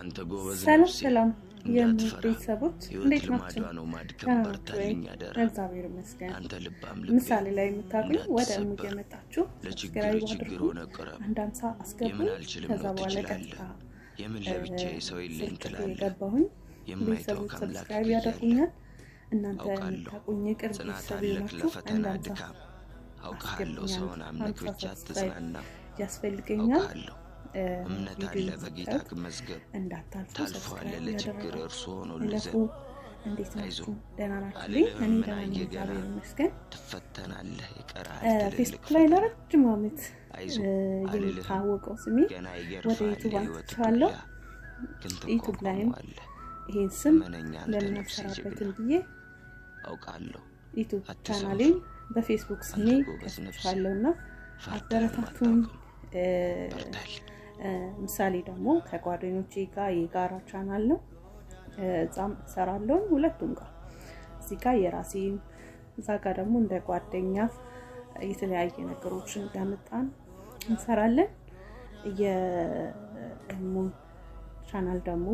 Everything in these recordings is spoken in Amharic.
አንተ ጎበዝ ሰላም ሰላም የምር እንዴት ናቸው? እግዚአብሔር ይመስገን። ምሳሌ ላይ የምታገኙ ወደ ሙ የመጣችሁ ሰብስክራይብ አድርጉ፣ አንድ አምሳ አስገቡ። ከዛ በኋላ ቀጥታ የምን ለብቻ ስልክ የገባሁኝ ቤተሰቦች ሰብስክራይብ ያደርጉኛል። እናንተ የምታቁኝ ቅርብ ቤተሰብ ናችሁ። አንድ አምሳ አስገቡኛል፣ አምሳ ሰብስክራይብ ያስፈልገኛል። ቪዲዮ ይዘጋል እንዴት ናችሁ? ደህና ናችሁ? እኔ ደህና ነኝ፣ እግዚአብሔር ይመስገን። ፌስቡክ ላይ ለረጅም ዓመት የሚታወቀው ስሜ ወደ ዩቱብ ዩቱብ ላይም ይሄን ስም ዩቱብ ቻናሌን በፌስቡክ ስሜ ከፍቻለሁ እና አበረታቱኝ። ምሳሌ ደግሞ ከጓደኞቼ ጋር የጋራ ቻናል ነው እዛም ሁለቱም ጋር እዚህ ጋር የራሴ እዛ ጋር ደግሞ እንደ ጓደኛ የተለያየ ነገሮችን እያመጣን እንሰራለን። የደግሞ ቻናል ደግሞ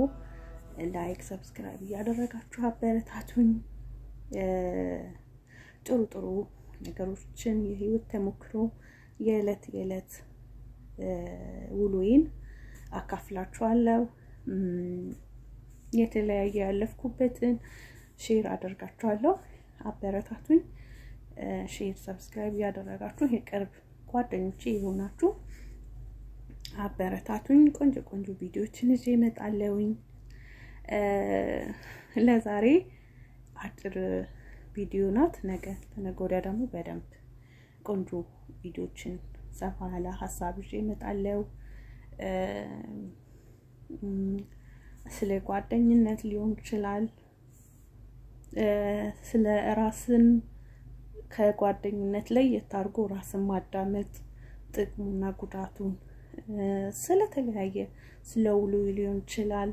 ላይክ ሰብስክራይብ እያደረጋችሁ አበረታቱኝ። ጥሩ ጥሩ ነገሮችን የህይወት ተሞክሮ የዕለት የዕለት ውሎዬን አካፍላችኋለሁ። የተለያየ ያለፍኩበትን ሼር አደርጋችኋለሁ። አበረታቱኝ። ሼር፣ ሰብስክራይብ ያደረጋችሁ የቅርብ ጓደኞቼ የሆናችሁ አበረታቱኝ። ቆንጆ ቆንጆ ቪዲዮችን ይዤ እመጣለሁኝ። ለዛሬ አጭር ቪዲዮ ናት። ነገ ተነገ ወዲያ ደግሞ በደንብ ቆንጆ ቪዲዮችን ሰፋ ያለ ሀሳብ ይዤ እመጣለሁ። ስለ ጓደኝነት ሊሆን ይችላል። ስለ ራስን ከጓደኝነት ለየት አድርጎ ራስን ማዳመጥ ጥቅሙና ጉዳቱን፣ ስለተለያየ ስለ ውሎ ሊሆን ይችላል።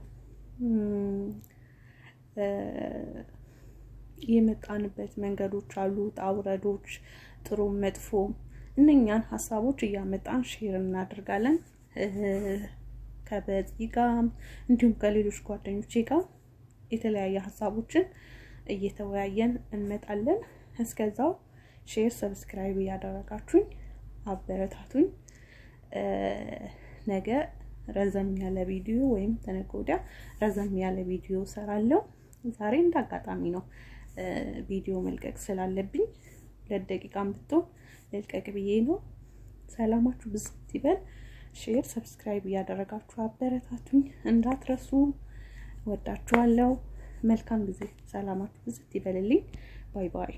የመጣንበት መንገዶች አሉ፣ ውጣ ውረዶች፣ ጥሩም መጥፎም እነኛን ሀሳቦች እያመጣን ሼር እናደርጋለን ከበዚ ጋር እንዲሁም ከሌሎች ጓደኞቼ ጋር የተለያየ ሀሳቦችን እየተወያየን እንመጣለን። እስከዛው ሼር፣ ሰብስክራይብ እያደረጋችሁኝ አበረታቱኝ። ነገ ረዘም ያለ ቪዲዮ ወይም ተነገ ወዲያ ረዘም ያለ ቪዲዮ ሰራለው። ዛሬ እንደ አጋጣሚ ነው ቪዲዮ መልቀቅ ስላለብኝ ሁለት ለደቂቃም ብትሆን ልልቀቅ ብዬ ነው። ሰላማችሁ ብዝት ይበል። ሼር፣ ሰብስክራይብ እያደረጋችሁ አበረታቱኝ እንዳትረሱ። ወዳችኋለሁ። መልካም ጊዜ። ሰላማችሁ ብዝት ይበልልኝ። ባይ ባይ።